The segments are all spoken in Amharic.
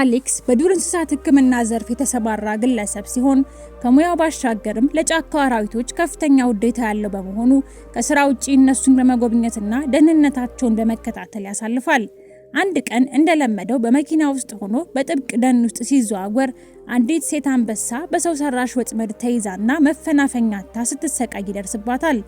አሌክስ በዱር እንስሳት ሕክምና ዘርፍ የተሰማራ ግለሰብ ሲሆን ከሙያው ባሻገርም ለጫካ አራዊቶች ከፍተኛ ውዴታ ያለው በመሆኑ ከስራ ውጪ እነሱን በመጎብኘትና ደህንነታቸውን በመከታተል ያሳልፋል። አንድ ቀን እንደለመደው በመኪና ውስጥ ሆኖ በጥብቅ ደን ውስጥ ሲዘዋወር አንዲት ሴት አንበሳ በሰው ሰራሽ ወጥመድ ተይዛና መፈናፈኛ አጥታ ስትሰቃይ ይደርስባታል።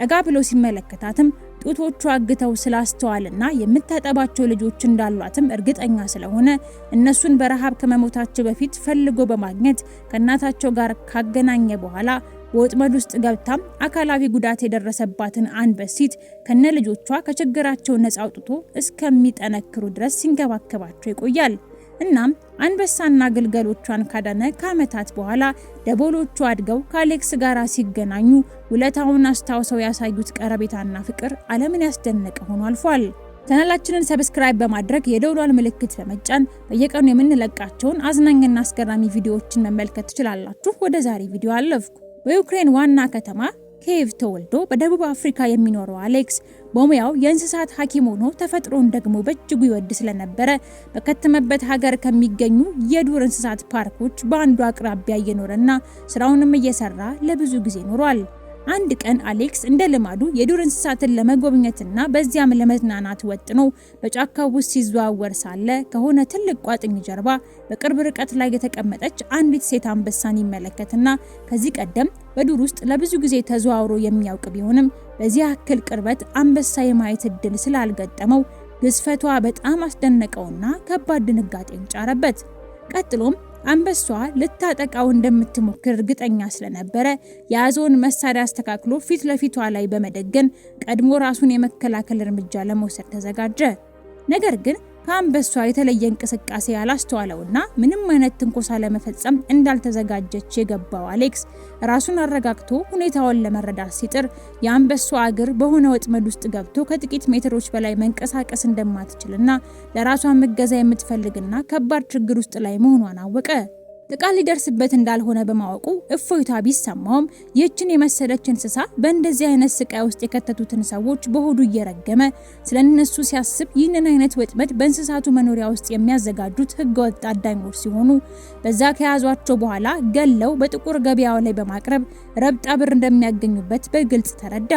ጠጋ ብሎ ሲመለከታትም ጡቶቹ አግተው ስላስተዋልና የምታጠባቸው ልጆች እንዳሏትም እርግጠኛ ስለሆነ እነሱን በረሃብ ከመሞታቸው በፊት ፈልጎ በማግኘት ከእናታቸው ጋር ካገናኘ በኋላ በወጥመድ ውስጥ ገብታም አካላዊ ጉዳት የደረሰባትን አንበሲት ከነ ልጆቿ ከችግራቸው ነፃ አውጥቶ እስከሚጠነክሩ ድረስ ሲንከባከባቸው ይቆያል። እናም አንበሳና ግልገሎቿን ካዳነ ከዓመታት በኋላ ደቦሎቹ አድገው ከአሌክስ ጋር ሲገናኙ ውለታውን አስታውሰው ያሳዩት ቀረቤታና ፍቅር ዓለምን ያስደነቀ ሆኖ አልፏል። ቻናላችንን ሰብስክራይብ በማድረግ የደውሏል ምልክት በመጫን በየቀኑ የምንለቃቸውን አዝናኝና አስገራሚ ቪዲዮዎችን መመልከት ትችላላችሁ። ወደ ዛሬ ቪዲዮ አለፍኩ። በዩክሬን ዋና ከተማ ሄቭ ተወልዶ በደቡብ አፍሪካ የሚኖረው አሌክስ በሙያው የእንስሳት ሐኪም ሆኖ ተፈጥሮን ደግሞ በእጅጉ ይወድ ስለነበረ በከተመበት ሀገር ከሚገኙ የዱር እንስሳት ፓርኮች በአንዱ አቅራቢያ እየኖረና ስራውንም እየሰራ ለብዙ ጊዜ ኖሯል። አንድ ቀን አሌክስ እንደ ልማዱ የዱር እንስሳትን ለመጎብኘትና በዚያም ለመዝናናት ወጥኖ በጫካ ውስጥ ሲዘዋወር ሳለ ከሆነ ትልቅ ቋጥኝ ጀርባ በቅርብ ርቀት ላይ የተቀመጠች አንዲት ሴት አንበሳን ይመለከትና ከዚህ ቀደም በዱር ውስጥ ለብዙ ጊዜ ተዘዋውሮ የሚያውቅ ቢሆንም በዚህ ያክል ቅርበት አንበሳ የማየት እድል ስላልገጠመው ግዝፈቷ በጣም አስደነቀውና ከባድ ድንጋጤን ጫረበት። ቀጥሎም አንበሷ ልታጠቃው እንደምትሞክር እርግጠኛ ስለነበረ የአዞውን መሳሪያ አስተካክሎ ፊት ለፊቷ ላይ በመደገን ቀድሞ ራሱን የመከላከል እርምጃ ለመውሰድ ተዘጋጀ። ነገር ግን ከአንበሷ የተለየ እንቅስቃሴ ያላስተዋለውና ምንም አይነት ትንኮሳ ለመፈጸም እንዳልተዘጋጀች የገባው አሌክስ ራሱን አረጋግቶ ሁኔታውን ለመረዳት ሲጥር የአንበሷ እግር በሆነ ወጥመድ ውስጥ ገብቶ ከጥቂት ሜትሮች በላይ መንቀሳቀስ እንደማትችልና ለራሷ መገዛ የምትፈልግና ከባድ ችግር ውስጥ ላይ መሆኗን አወቀ። ጥቃት ሊደርስበት እንዳልሆነ በማወቁ እፎይታ ቢሰማውም ይህችን የመሰለች እንስሳ በእንደዚህ አይነት ስቃይ ውስጥ የከተቱትን ሰዎች በሆዱ እየረገመ ስለ እነሱ ሲያስብ ይህንን አይነት ወጥመድ በእንስሳቱ መኖሪያ ውስጥ የሚያዘጋጁት ህገወጥ አዳኞች ሲሆኑ በዛ ከያዟቸው በኋላ ገለው በጥቁር ገበያው ላይ በማቅረብ ረብጣ ብር እንደሚያገኙበት በግልጽ ተረዳ።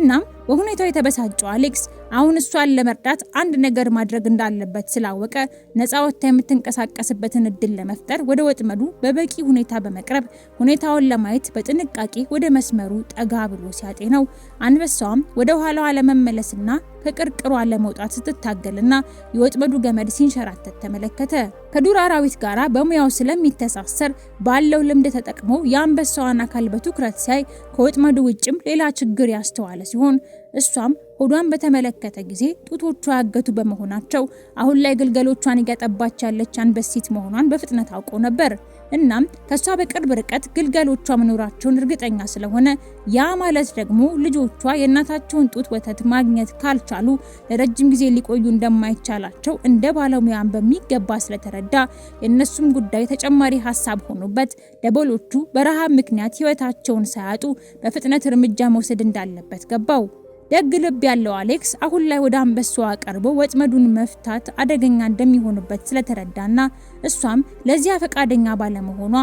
እናም በሁኔታው የተበሳጨው አሌክስ አሁን እሷን ለመርዳት አንድ ነገር ማድረግ እንዳለበት ስላወቀ ነፃ ወጥታ የምትንቀሳቀስበትን እድል ለመፍጠር ወደ ወጥመዱ በበቂ ሁኔታ በመቅረብ ሁኔታውን ለማየት በጥንቃቄ ወደ መስመሩ ጠጋ ብሎ ሲያጤ ነው። አንበሳዋም ወደ ኋላዋ ለመመለስና ከቅርቅሯ ለመውጣት ስትታገልና የወጥመዱ ገመድ ሲንሸራተት ተመለከተ። ከዱር አራዊት ጋራ በሙያው ስለሚተሳሰር ባለው ልምድ ተጠቅሞ የአንበሳዋን አካል በትኩረት ሲያይ ከወጥመዱ ውጭም ሌላ ችግር ያስተዋለ ሲሆን እሷም ሆዷን በተመለከተ ጊዜ ጡቶቿ ያገቱ በመሆናቸው አሁን ላይ ግልገሎቿን እያጠባች ያለች አንበሲት መሆኗን በፍጥነት አውቆ ነበር። እናም ከሷ በቅርብ ርቀት ግልገሎቿ መኖራቸውን እርግጠኛ ስለሆነ ያ ማለት ደግሞ ልጆቿ የእናታቸውን ጡት ወተት ማግኘት ካልቻሉ ለረጅም ጊዜ ሊቆዩ እንደማይቻላቸው እንደ ባለሙያን በሚገባ ስለተረዳ የእነሱም ጉዳይ ተጨማሪ ሀሳብ ሆኖበት ደቦሎቹ በረሃብ ምክንያት ሕይወታቸውን ሳያጡ በፍጥነት እርምጃ መውሰድ እንዳለበት ገባው። ደግ ልብ ያለው አሌክስ አሁን ላይ ወደ አንበሳዋ ቀርቦ ወጥመዱን መፍታት አደገኛ እንደሚሆንበት ስለተረዳና እሷም ለዚያ ፈቃደኛ ባለመሆኗ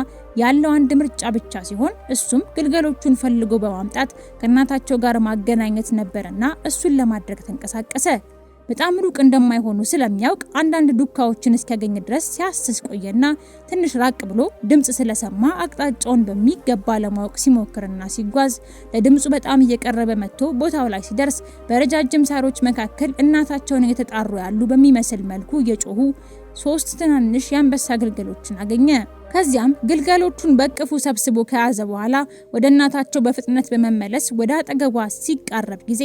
ያለው አንድ ምርጫ ብቻ ሲሆን እሱም ግልገሎቹን ፈልጎ በማምጣት ከእናታቸው ጋር ማገናኘት ነበርና እሱን ለማድረግ ተንቀሳቀሰ። በጣም ሩቅ እንደማይሆኑ ስለሚያውቅ አንዳንድ ዱካዎችን እስኪያገኝ ድረስ ሲያስስ ቆየና ትንሽ ራቅ ብሎ ድምፅ ስለሰማ አቅጣጫውን በሚገባ ለማወቅ ሲሞክርና ሲጓዝ ለድምፁ በጣም እየቀረበ መጥቶ ቦታው ላይ ሲደርስ በረጃጅም ሳሮች መካከል እናታቸውን እየተጣሩ ያሉ በሚመስል መልኩ እየጮሁ ሶስት ትናንሽ የአንበሳ ግልገሎችን አገኘ። ከዚያም ግልገሎቹን በቅፉ ሰብስቦ ከያዘ በኋላ ወደ እናታቸው በፍጥነት በመመለስ ወደ አጠገቧ ሲቃረብ ጊዜ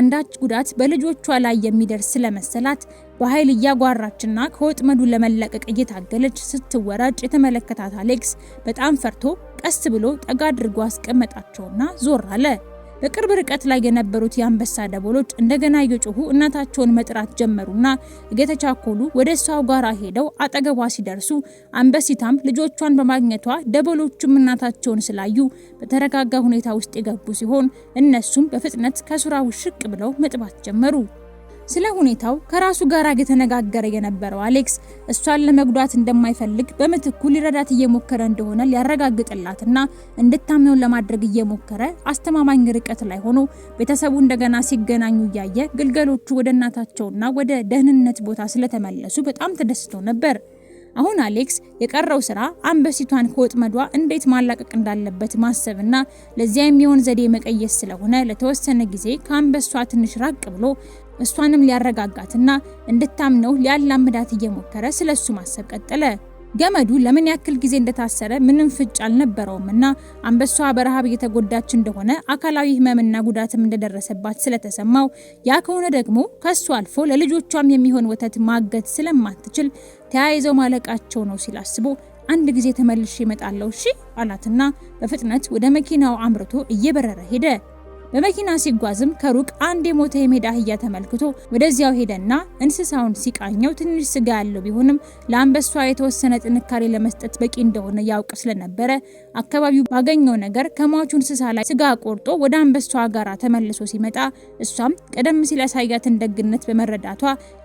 አንዳች ጉዳት በልጆቿ ላይ የሚደርስ ስለመሰላት በኃይል እያጓራችና ከወጥመዱ ለመለቀቅ እየታገለች ስትወራጭ የተመለከታት አሌክስ በጣም ፈርቶ ቀስ ብሎ ጠጋ አድርጎ አስቀመጣቸውና ዞር አለ። በቅርብ ርቀት ላይ የነበሩት የአንበሳ ደቦሎች እንደገና እየጮሁ እናታቸውን መጥራት ጀመሩና እየተቻኮሉ ወደ እሷው ጋራ ሄደው አጠገቧ ሲደርሱ አንበሲታም ልጆቿን በማግኘቷ ደቦሎቹም እናታቸውን ስላዩ በተረጋጋ ሁኔታ ውስጥ የገቡ ሲሆን እነሱም በፍጥነት ከሱራው ሽቅ ብለው መጥባት ጀመሩ። ስለ ሁኔታው ከራሱ ጋር እየተነጋገረ የነበረው አሌክስ እሷን ለመጉዳት እንደማይፈልግ በምትኩ ሊረዳት እየሞከረ እንደሆነ ሊያረጋግጥላትና እንድታምነውን ለማድረግ እየሞከረ አስተማማኝ ርቀት ላይ ሆኖ ቤተሰቡ እንደገና ሲገናኙ እያየ ግልገሎቹ ወደ እናታቸውና ወደ ደህንነት ቦታ ስለተመለሱ በጣም ተደስተው ነበር። አሁን አሌክስ የቀረው ስራ አንበሲቷን ከወጥመዷ እንዴት ማላቀቅ እንዳለበት ማሰብና ለዚያ የሚሆን ዘዴ መቀየስ ስለሆነ ለተወሰነ ጊዜ ከአንበሷ ትንሽ ራቅ ብሎ እሷንም ሊያረጋጋትና እንድታምነው ሊያላምዳት እየሞከረ ስለሱ ማሰብ ቀጠለ። ገመዱ ለምን ያክል ጊዜ እንደታሰረ ምንም ፍንጭ አልነበረውም እና አንበሷ በረሃብ እየተጎዳች እንደሆነ አካላዊ ህመምና ጉዳትም እንደደረሰባት ስለተሰማው ያ ከሆነ ደግሞ ከሱ አልፎ ለልጆቿም የሚሆን ወተት ማገት ስለማትችል ተያይዘው ማለቃቸው ነው ሲል አስቦ አንድ ጊዜ ተመልሼ እመጣለሁ እሺ አላትና በፍጥነት ወደ መኪናው አምርቶ እየበረረ ሄደ። በመኪና ሲጓዝም ከሩቅ አንድ የሞተ የሜዳ አህያ ተመልክቶ ወደዚያው ሄደና እንስሳውን ሲቃኘው ትንሽ ስጋ ያለው ቢሆንም ለአንበሷ የተወሰነ ጥንካሬ ለመስጠት በቂ እንደሆነ ያውቅ ስለነበረ አካባቢው ባገኘው ነገር ከሟቹ እንስሳ ላይ ስጋ ቆርጦ ወደ አንበሷ ጋር ተመልሶ ሲመጣ እሷም ቀደም ሲል ያሳያትን ደግነት በመረዳቷ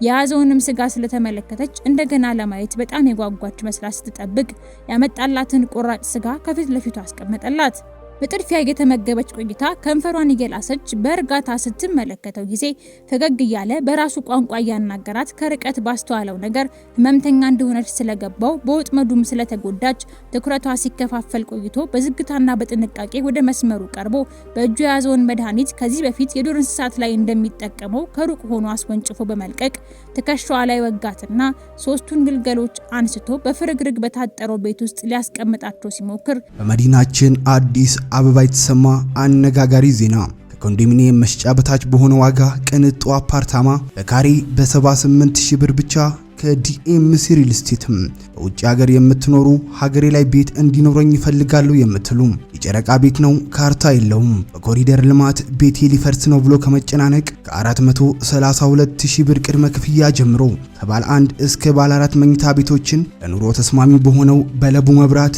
የያዘውንም ስጋ ስለተመለከተች እንደገና ለማየት በጣም የጓጓች መስላ ስትጠብቅ ያመጣላትን ቆራጭ ስጋ ከፊት ለፊቱ አስቀመጠላት። በጥድፊያ የተመገበች ቆይታ ከንፈሯን እየላሰች በእርጋታ ስትመለከተው ጊዜ ፈገግ እያለ በራሱ ቋንቋ እያናገራት ከርቀት ባስተዋለው ነገር ህመምተኛ እንደሆነች ስለገባው በወጥመዱም ስለተጎዳች ትኩረቷ ሲከፋፈል ቆይቶ በዝግታና በጥንቃቄ ወደ መስመሩ ቀርቦ በእጁ የያዘውን መድኃኒት ከዚህ በፊት የዱር እንስሳት ላይ እንደሚጠቀመው ከሩቅ ሆኖ አስወንጭፎ በመልቀቅ ትከሻዋ ላይ ወጋትና ሶስቱን ግልገሎች አንስቶ በፍርግርግ በታጠረው ቤት ውስጥ ሊያስቀምጣቸው ሲሞክር በመዲናችን አዲስ አበባ የተሰማ አነጋጋሪ ዜና ከኮንዶሚኒየም መሸጫ በታች በሆነ ዋጋ ቅንጡ አፓርታማ በካሬ በ78000 ብር ብቻ ከዲኤምሲ ሪል ስቴትም በውጭ ሀገር የምትኖሩ ሀገሬ ላይ ቤት እንዲኖረኝ ይፈልጋለሁ የምትሉ የጨረቃ ቤት ነው፣ ካርታ የለውም፣ በኮሪደር ልማት ቤቴ ሊፈርስ ነው ብሎ ከመጨናነቅ ከ432000 ብር ቅድመ ክፍያ ጀምሮ ከባለ አንድ እስከ ባለ አራት መኝታ ቤቶችን ለኑሮ ተስማሚ በሆነው በለቡ መብራት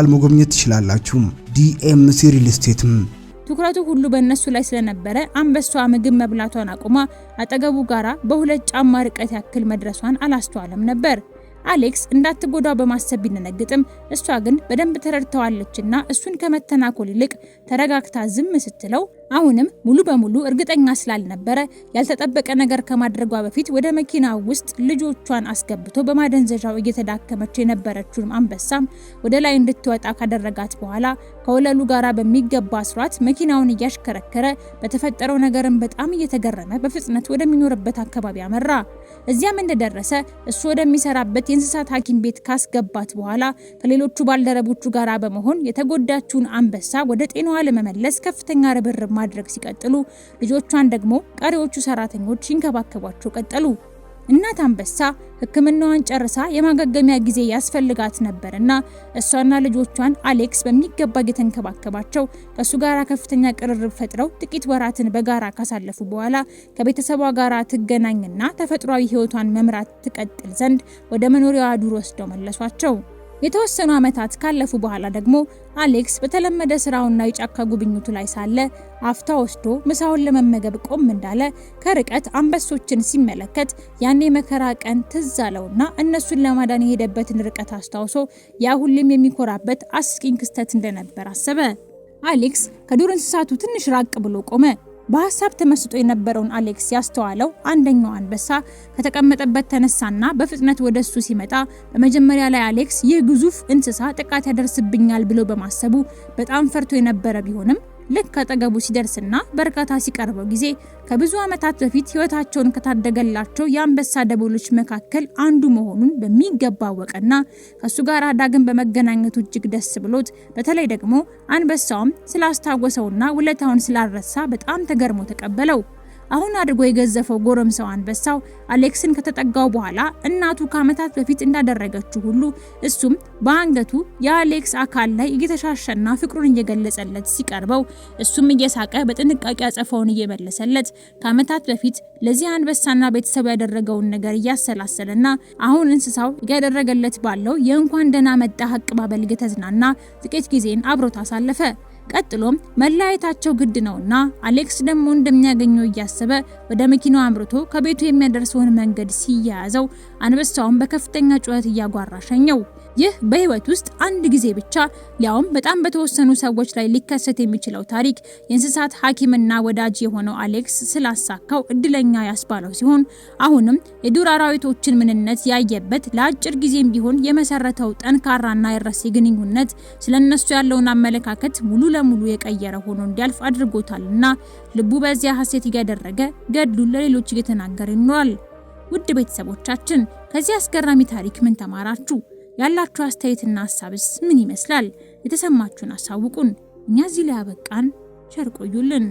በአካል መጎብኘት ትችላላችሁ። ዲኤምሲ ሪል ስቴትም ትኩረቱ ሁሉ በእነሱ ላይ ስለነበረ አንበሷ ምግብ መብላቷን አቁማ አጠገቡ ጋራ በሁለት ጫማ ርቀት ያክል መድረሷን አላስተዋለም ነበር። አሌክስ እንዳትጎዳ በማሰብ ቢነነግጥም እሷ ግን በደንብ ተረድተዋለችና እሱን ከመተናኮል ይልቅ ተረጋግታ ዝም ስትለው አሁንም ሙሉ በሙሉ እርግጠኛ ስላልነበረ ያልተጠበቀ ነገር ከማድረጓ በፊት ወደ መኪና ውስጥ ልጆቿን አስገብቶ በማደንዘዣው እየተዳከመች የነበረችውን አንበሳም ወደ ላይ እንድትወጣ ካደረጋት በኋላ ከወለሉ ጋር በሚገባ አስሯት መኪናውን እያሽከረከረ በተፈጠረው ነገርም በጣም እየተገረመ በፍጥነት ወደሚኖርበት አካባቢ አመራ። እዚያም እንደደረሰ እሱ ወደሚሰራበት የእንስሳት ሐኪም ቤት ካስገባት በኋላ ከሌሎቹ ባልደረቦቹ ጋር በመሆን የተጎዳችውን አንበሳ ወደ ጤናዋ ለመመለስ ከፍተኛ ርብርብ ማድረግ ሲቀጥሉ፣ ልጆቿን ደግሞ ቀሪዎቹ ሰራተኞች ይንከባከቧቸው ቀጠሉ። እናት አንበሳ ሕክምናዋን ጨርሳ የማገገሚያ ጊዜ ያስፈልጋት ነበርና እሷና ልጆቿን አሌክስ በሚገባ እየተንከባከባቸው ከእሱ ጋር ከፍተኛ ቅርርብ ፈጥረው ጥቂት ወራትን በጋራ ካሳለፉ በኋላ ከቤተሰቧ ጋር ትገናኝና ተፈጥሯዊ ሕይወቷን መምራት ትቀጥል ዘንድ ወደ መኖሪያዋ ዱር ወስደው መለሷቸው። የተወሰኑ ዓመታት ካለፉ በኋላ ደግሞ አሌክስ በተለመደ ስራውና የጫካ ጉብኝቱ ላይ ሳለ አፍታ ወስዶ ምሳውን ለመመገብ ቆም እንዳለ ከርቀት አንበሶችን ሲመለከት ያኔ መከራ ቀን ትዝ አለውና እነሱን ለማዳን የሄደበትን ርቀት አስታውሶ ያ ሁሌም የሚኮራበት አስቂኝ ክስተት እንደነበር አሰበ። አሌክስ ከዱር እንስሳቱ ትንሽ ራቅ ብሎ ቆመ። በሀሳብ ተመስጦ የነበረውን አሌክስ ያስተዋለው አንደኛው አንበሳ ከተቀመጠበት ተነሳና በፍጥነት ወደ እሱ ሲመጣ በመጀመሪያ ላይ አሌክስ ይህ ግዙፍ እንስሳ ጥቃት ያደርስብኛል ብሎ በማሰቡ በጣም ፈርቶ የነበረ ቢሆንም ልክ ከጠገቡ ሲደርስና በእርጋታ ሲቀርበው ጊዜ ከብዙ ዓመታት በፊት ሕይወታቸውን ከታደገላቸው የአንበሳ ደቦሎች መካከል አንዱ መሆኑን በሚገባ አወቀና ከእሱ ጋር ዳግም በመገናኘቱ እጅግ ደስ ብሎት በተለይ ደግሞ አንበሳውም ስላስታወሰውና ውለታውን ስላልረሳ በጣም ተገርሞ ተቀበለው። አሁን አድርጎ የገዘፈው ጎረምሳው አንበሳው አሌክስን ከተጠጋው በኋላ እናቱ ከዓመታት በፊት እንዳደረገችው ሁሉ እሱም በአንገቱ የአሌክስ አካል ላይ እየተሻሸና ፍቅሩን እየገለጸለት ሲቀርበው እሱም እየሳቀ በጥንቃቄ አጸፋውን እየመለሰለት ከዓመታት በፊት ለዚህ አንበሳና ቤተሰቡ ያደረገውን ነገር እያሰላሰለና አሁን እንስሳው እያደረገለት ባለው የእንኳን ደህና መጣ አቀባበል እየተዝናና ጥቂት ጊዜን አብሮት አሳለፈ። ቀጥሎም መለያየታቸው ግድ ነውና አሌክስ ደግሞ እንደሚያገኘው እያሰበ ወደ መኪናው አምርቶ ከቤቱ የሚያደርሰውን መንገድ ሲያያዘው አንበሳውን በከፍተኛ ጩኸት እያጓራ ሸኘው። ይህ በህይወት ውስጥ አንድ ጊዜ ብቻ ሊያውም በጣም በተወሰኑ ሰዎች ላይ ሊከሰት የሚችለው ታሪክ የእንስሳት ሐኪምና ወዳጅ የሆነው አሌክስ ስላሳካው እድለኛ ያስባለው ሲሆን አሁንም የዱር አራዊቶችን ምንነት ያየበት ለአጭር ጊዜም ቢሆን የመሰረተው ጠንካራና የረሴ ግንኙነት ስለ እነሱ ያለውን አመለካከት ሙሉ ለሙሉ የቀየረ ሆኖ እንዲያልፍ አድርጎታልና ልቡ በዚያ ሀሴት እያደረገ ገድሉን ለሌሎች እየተናገረ ይኖራል። ውድ ቤተሰቦቻችን ከዚህ አስገራሚ ታሪክ ምን ተማራችሁ? ያላችሁ አስተያየትና ሀሳብስ ምን ይመስላል? የተሰማችሁን አሳውቁን። እኛ እዚህ ላይ አበቃን። ቸር ቆዩልን።